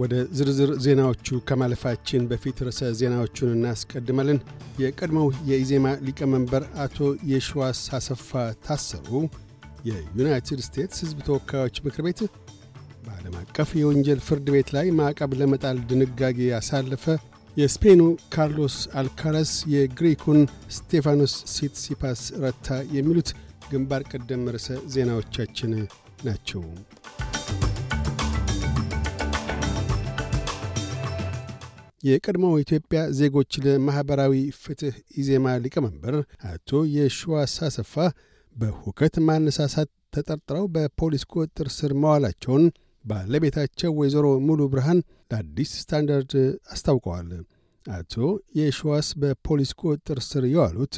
ወደ ዝርዝር ዜናዎቹ ከማለፋችን በፊት ርዕሰ ዜናዎቹን እናስቀድመልን የቀድሞው የኢዜማ ሊቀመንበር አቶ የሸዋስ አሰፋ ታሰሩ። የዩናይትድ ስቴትስ ሕዝብ ተወካዮች ምክር ቤት በዓለም አቀፍ የወንጀል ፍርድ ቤት ላይ ማዕቀብ ለመጣል ድንጋጌ ያሳለፈ። የስፔኑ ካርሎስ አልካራስ የግሪኩን ስቴፋኖስ ሲትሲፓስ ረታ። የሚሉት ግንባር ቀደም ርዕሰ ዜናዎቻችን ናቸው። የቀድሞው ኢትዮጵያ ዜጎች ለማኅበራዊ ፍትሕ ኢዜማ ሊቀመንበር አቶ የሸዋ አሰፋ በሁከት ማነሳሳት ተጠርጥረው በፖሊስ ቁጥጥር ስር መዋላቸውን ባለቤታቸው ወይዘሮ ሙሉ ብርሃን ለአዲስ ስታንዳርድ አስታውቀዋል። አቶ የሸዋስ በፖሊስ ቁጥጥር ስር የዋሉት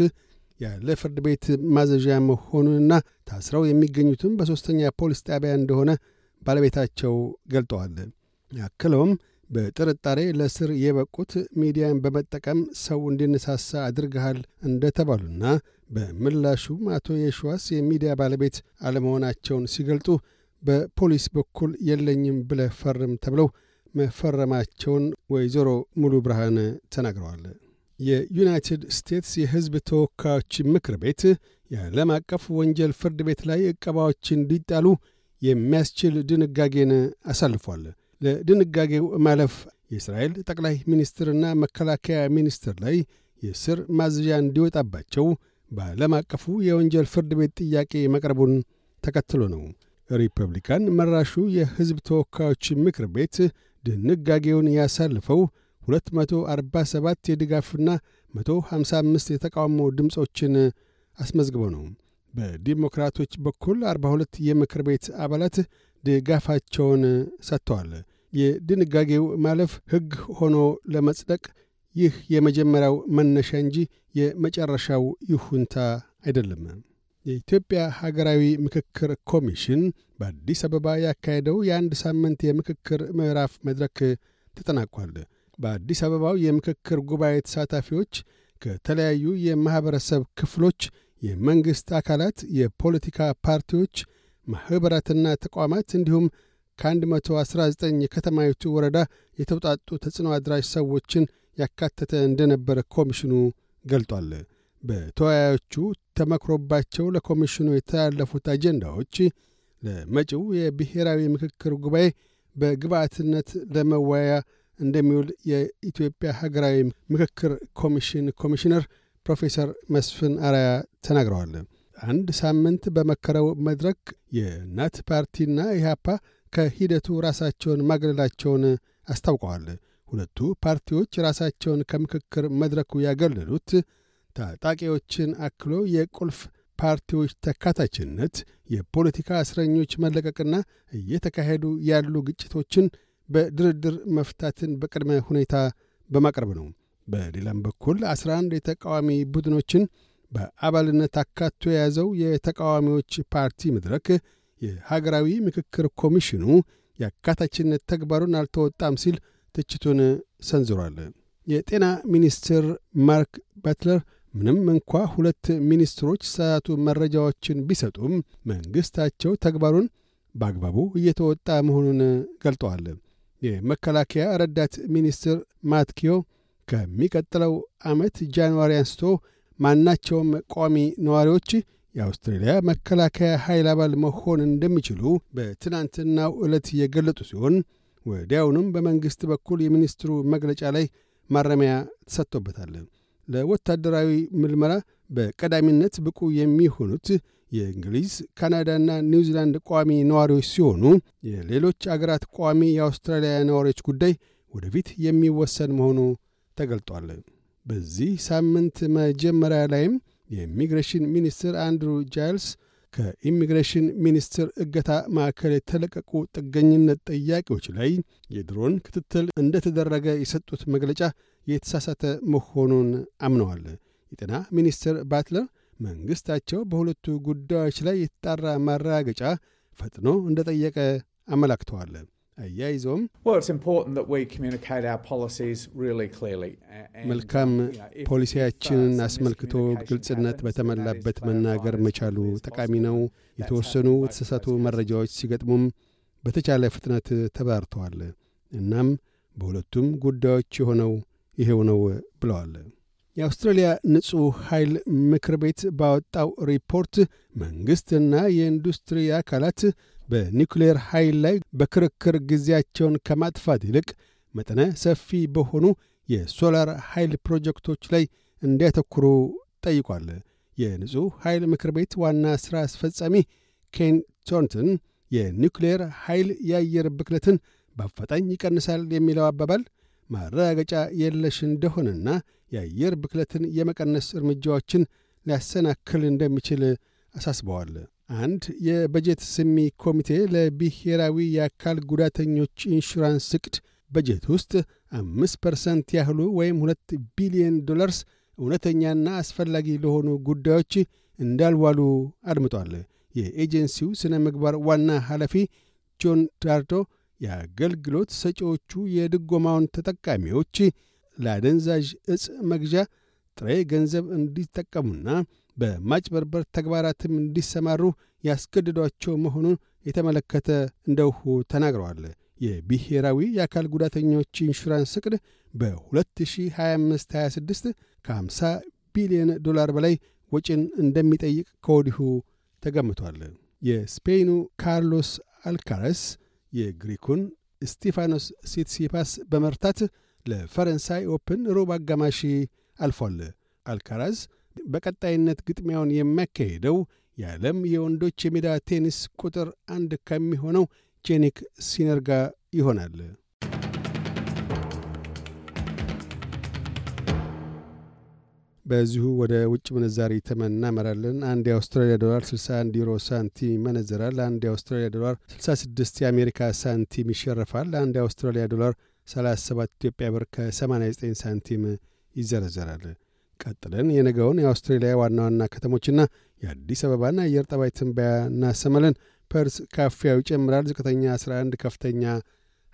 ያለ ፍርድ ቤት ማዘዣ መሆኑንና ታስረው የሚገኙትም በሦስተኛ ፖሊስ ጣቢያ እንደሆነ ባለቤታቸው ገልጠዋል። አክለውም በጥርጣሬ ለስር የበቁት ሚዲያን በመጠቀም ሰው እንዲነሳሳ አድርገሃል እንደተባሉና በምላሹም አቶ የሸዋስ የሚዲያ ባለቤት አለመሆናቸውን ሲገልጡ በፖሊስ በኩል የለኝም ብለ ፈርም ተብለው መፈረማቸውን ወይዘሮ ሙሉ ብርሃን ተናግረዋል። የዩናይትድ ስቴትስ የሕዝብ ተወካዮች ምክር ቤት የዓለም አቀፍ ወንጀል ፍርድ ቤት ላይ ዕቀባዎች እንዲጣሉ የሚያስችል ድንጋጌን አሳልፏል። ለድንጋጌው ማለፍ የእስራኤል ጠቅላይ ሚኒስትርና መከላከያ ሚኒስትር ላይ የስር ማዝዣ እንዲወጣባቸው በዓለም አቀፉ የወንጀል ፍርድ ቤት ጥያቄ መቅረቡን ተከትሎ ነው። ሪፐብሊካን መራሹ የሕዝብ ተወካዮች ምክር ቤት ድንጋጌውን ያሳልፈው 247 የድጋፍና 155 የተቃውሞ ድምፆችን አስመዝግቦ ነው። በዲሞክራቶች በኩል 42 የምክር ቤት አባላት ድጋፋቸውን ሰጥተዋል። የድንጋጌው ማለፍ ሕግ ሆኖ ለመጽደቅ ይህ የመጀመሪያው መነሻ እንጂ የመጨረሻው ይሁንታ አይደለም። የኢትዮጵያ ሀገራዊ ምክክር ኮሚሽን በአዲስ አበባ ያካሄደው የአንድ ሳምንት የምክክር ምዕራፍ መድረክ ተጠናቋል። በአዲስ አበባው የምክክር ጉባኤ ተሳታፊዎች ከተለያዩ የማኅበረሰብ ክፍሎች፣ የመንግሥት አካላት፣ የፖለቲካ ፓርቲዎች፣ ማኅበራትና ተቋማት እንዲሁም ከ119 የከተማይቱ ወረዳ የተውጣጡ ተጽዕኖ አድራሽ ሰዎችን ያካተተ እንደነበረ ኮሚሽኑ ገልጧል። በተወያዮቹ ተመክሮባቸው ለኮሚሽኑ የተላለፉት አጀንዳዎች ለመጪው የብሔራዊ ምክክር ጉባኤ በግብአትነት ለመወያያ እንደሚውል የኢትዮጵያ ሀገራዊ ምክክር ኮሚሽን ኮሚሽነር ፕሮፌሰር መስፍን አራያ ተናግረዋል። አንድ ሳምንት በመከረው መድረክ የእናት ፓርቲና ኢህአፓ ከሂደቱ ራሳቸውን ማግለላቸውን አስታውቀዋል። ሁለቱ ፓርቲዎች ራሳቸውን ከምክክር መድረኩ ያገለሉት ታጣቂዎችን አክሎ የቁልፍ ፓርቲዎች ተካታችነት፣ የፖለቲካ እስረኞች መለቀቅና እየተካሄዱ ያሉ ግጭቶችን በድርድር መፍታትን በቅድመ ሁኔታ በማቅረብ ነው። በሌላም በኩል 11 የተቃዋሚ ቡድኖችን በአባልነት አካቶ የያዘው የተቃዋሚዎች ፓርቲ መድረክ የሀገራዊ ምክክር ኮሚሽኑ የአካታችነት ተግባሩን አልተወጣም ሲል ትችቱን ሰንዝሯል። የጤና ሚኒስትር ማርክ ባትለር ምንም እንኳ ሁለት ሚኒስትሮች ሰዓቱ መረጃዎችን ቢሰጡም መንግሥታቸው ተግባሩን በአግባቡ እየተወጣ መሆኑን ገልጠዋል። የመከላከያ ረዳት ሚኒስትር ማትኪዮ ከሚቀጥለው ዓመት ጃንዋሪ አንስቶ ማናቸውም ቋሚ ነዋሪዎች የአውስትሬልያ መከላከያ ኃይል አባል መሆን እንደሚችሉ በትናንትናው ዕለት የገለጡ ሲሆን ወዲያውንም በመንግሥት በኩል የሚኒስትሩ መግለጫ ላይ ማረሚያ ተሰጥቶበታል። ለወታደራዊ ምልመራ በቀዳሚነት ብቁ የሚሆኑት የእንግሊዝ፣ ካናዳና ኒውዚላንድ ቋሚ ነዋሪዎች ሲሆኑ የሌሎች አገራት ቋሚ የአውስትራሊያ ነዋሪዎች ጉዳይ ወደፊት የሚወሰን መሆኑ ተገልጧል። በዚህ ሳምንት መጀመሪያ ላይም የኢሚግሬሽን ሚኒስትር አንድሩ ጃይልስ ከኢሚግሬሽን ሚኒስትር እገታ ማዕከል የተለቀቁ ጥገኝነት ጠያቂዎች ላይ የድሮን ክትትል እንደተደረገ የሰጡት መግለጫ የተሳሳተ መሆኑን አምነዋል። የጤና ሚኒስትር ባትለር መንግሥታቸው በሁለቱ ጉዳዮች ላይ የተጣራ ማረጋገጫ ፈጥኖ እንደጠየቀ አመላክተዋል። አያይዘውም መልካም ፖሊሲያችንን አስመልክቶ ግልጽነት በተሞላበት መናገር መቻሉ ጠቃሚ ነው። የተወሰኑ የተሳሳቱ መረጃዎች ሲገጥሙም በተቻለ ፍጥነት ተባርተዋል። እናም በሁለቱም ጉዳዮች የሆነው ይሄው ነው ብለዋል። የአውስትራሊያ ንጹሕ ኃይል ምክር ቤት ባወጣው ሪፖርት መንግሥትና የኢንዱስትሪ አካላት በኒውክሌር ኃይል ላይ በክርክር ጊዜያቸውን ከማጥፋት ይልቅ መጠነ ሰፊ በሆኑ የሶላር ኃይል ፕሮጀክቶች ላይ እንዲያተኩሩ ጠይቋል። የንጹሕ ኃይል ምክር ቤት ዋና ሥራ አስፈጻሚ ኬን ቶርንትን የኒውክሌር ኃይል የአየር ብክለትን በአፋጣኝ ይቀንሳል የሚለው አባባል ማረጋገጫ የለሽ እንደሆነና የአየር ብክለትን የመቀነስ እርምጃዎችን ሊያሰናክል እንደሚችል አሳስበዋል። አንድ የበጀት ስሚ ኮሚቴ ለብሔራዊ የአካል ጉዳተኞች ኢንሹራንስ እቅድ በጀት ውስጥ አምስት ፐርሰንት ያህሉ ወይም ሁለት ቢሊዮን ዶላርስ እውነተኛና አስፈላጊ ለሆኑ ጉዳዮች እንዳልዋሉ አድምጧል። የኤጀንሲው ሥነ ምግባር ዋና ኃላፊ ጆን ዳርዶ የአገልግሎት ሰጪዎቹ የድጎማውን ተጠቃሚዎች ለአደንዛዥ እጽ መግዣ ጥሬ ገንዘብ እንዲጠቀሙና በማጭበርበር ተግባራትም እንዲሰማሩ ያስገድዷቸው መሆኑን የተመለከተ እንደውሁ ተናግረዋል። የብሔራዊ የአካል ጉዳተኞች ኢንሹራንስ እቅድ በ2025/26 ከ50 ቢሊዮን ዶላር በላይ ወጪን እንደሚጠይቅ ከወዲሁ ተገምቷል። የስፔኑ ካርሎስ አልካረስ የግሪኩን ስቲፋኖስ ሲትሲፓስ በመርታት ለፈረንሳይ ኦፕን ሩብ አጋማሽ አልፏል። አልካራዝ በቀጣይነት ግጥሚያውን የሚያካሄደው የዓለም የወንዶች የሜዳ ቴኒስ ቁጥር አንድ ከሚሆነው ጄኒክ ሲነር ጋር ይሆናል። በዚሁ ወደ ውጭ ምንዛሪ ተመን እናመራለን። አንድ የአውስትራሊያ ዶላር 61 ዩሮ ሳንቲም ይመነዘራል። አንድ የአውስትራሊያ ዶላር 66 የአሜሪካ ሳንቲም ይሸርፋል። አንድ የአውስትራሊያ ዶላር 37 ኢትዮጵያ ብር ከ89 ሳንቲም ይዘረዘራል። ቀጥለን የነገውን የአውስትሬልያ ዋና ዋና ከተሞችና የአዲስ አበባና አየር ጠባይ ትንበያ እናሰማለን። ፐርስ ካፊያው ይጨምራል። ዝቅተኛ 11፣ ከፍተኛ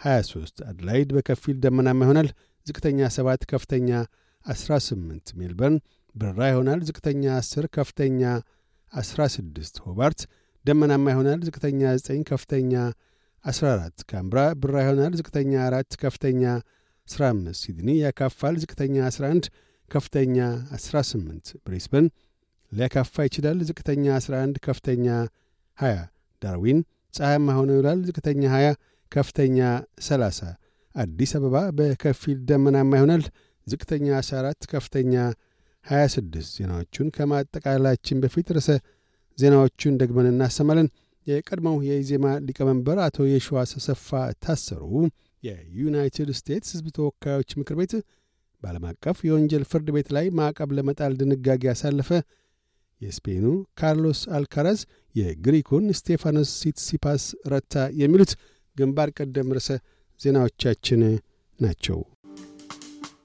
23። አድላይድ በከፊል ደመናማ ይሆናል። ዝቅተኛ 7፣ ከፍተኛ 18። ሜልበርን ብራ ይሆናል። ዝቅተኛ 10፣ ከፍተኛ 16። ሆባርት ደመናማ ይሆናል። ዝቅተኛ 9፣ ከፍተኛ 14። ካምብራ ብራ ይሆናል። ዝቅተኛ 4፣ ከፍተኛ 15። ሲድኒ ያካፋል። ዝቅተኛ 11 ከፍተኛ 18 ብሪስበን ሊያካፋ ይችላል። ዝቅተኛ 11 ከፍተኛ 20 ዳርዊን ፀሐያማ ሆኖ ይውላል። ዝቅተኛ 20 ከፍተኛ 30 አዲስ አበባ በከፊል ደመናማ ይሆናል። ዝቅተኛ 14 ከፍተኛ 26 ዜናዎቹን ከማጠቃላችን በፊት ርዕሰ ዜናዎቹን ደግመን እናሰማለን። የቀድሞው የኢዜማ ሊቀመንበር አቶ የሸዋ ሰሰፋ ታሰሩ። የዩናይትድ ስቴትስ ህዝብ ተወካዮች ምክር ቤት በዓለም አቀፍ የወንጀል ፍርድ ቤት ላይ ማዕቀብ ለመጣል ድንጋጌ ያሳለፈ የስፔኑ ካርሎስ አልካራዝ የግሪኩን ስቴፋኖስ ሲትሲፓስ ረታ የሚሉት ግንባር ቀደም ርዕሰ ዜናዎቻችን ናቸው።